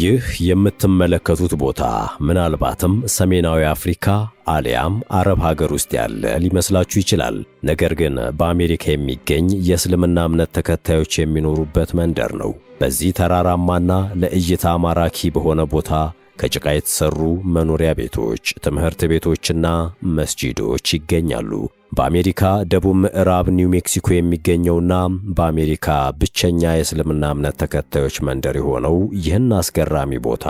ይህ የምትመለከቱት ቦታ ምናልባትም ሰሜናዊ አፍሪካ አሊያም አረብ ሀገር ውስጥ ያለ ሊመስላችሁ ይችላል። ነገር ግን በአሜሪካ የሚገኝ የእስልምና እምነት ተከታዮች የሚኖሩበት መንደር ነው። በዚህ ተራራማና ለእይታ ማራኪ በሆነ ቦታ ከጭቃ የተሰሩ መኖሪያ ቤቶች፣ ትምህርት ቤቶችና መስጂዶች ይገኛሉ። በአሜሪካ ደቡብ ምዕራብ ኒው ሜክሲኮ የሚገኘውና በአሜሪካ ብቸኛ የእስልምና እምነት ተከታዮች መንደር የሆነው ይህን አስገራሚ ቦታ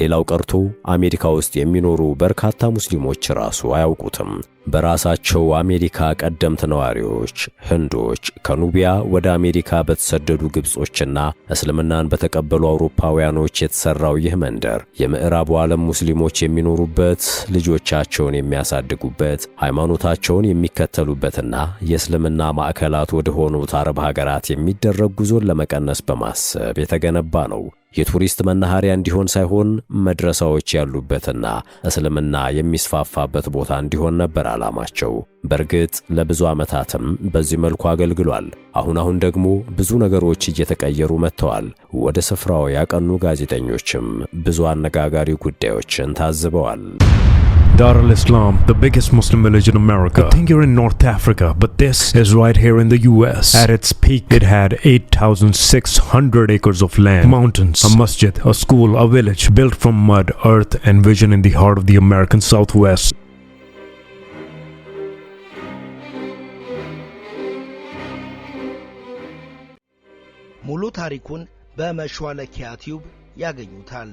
ሌላው ቀርቶ አሜሪካ ውስጥ የሚኖሩ በርካታ ሙስሊሞች ራሱ አያውቁትም። በራሳቸው አሜሪካ ቀደምት ነዋሪዎች ህንዶች ከኑቢያ ወደ አሜሪካ በተሰደዱ ግብጾችና እስልምናን በተቀበሉ አውሮፓውያኖች የተሰራው ይህ መንደር የምዕራቡ ዓለም ሙስሊሞች የሚኖሩበት፣ ልጆቻቸውን የሚያሳድጉበት፣ ሃይማኖታቸውን የሚከተሉበትና የእስልምና ማዕከላት ወደ ሆኑት አረብ ሀገራት የሚደረግ ጉዞን ለመቀነስ በማሰብ የተገነባ ነው። የቱሪስት መናኸሪያ እንዲሆን ሳይሆን መድረሳዎች ያሉበትና እስልምና የሚስፋፋበት ቦታ እንዲሆን ነበር ዓላማቸው። በእርግጥ ለብዙ ዓመታትም በዚህ መልኩ አገልግሏል። አሁን አሁን ደግሞ ብዙ ነገሮች እየተቀየሩ መጥተዋል። ወደ ስፍራው ያቀኑ ጋዜጠኞችም ብዙ አነጋጋሪ ጉዳዮችን ታዝበዋል። Dar al Islam, the biggest Muslim village in America. I think you're in North Africa, but this is right here in the US. At its peak, it had 8,600 acres of land, mountains, a masjid, a school, a village built from mud, earth, and vision in the heart of the American Southwest. ሙሉ ታሪኩን በመሿለኪያ ቲዩብ ያገኙታል።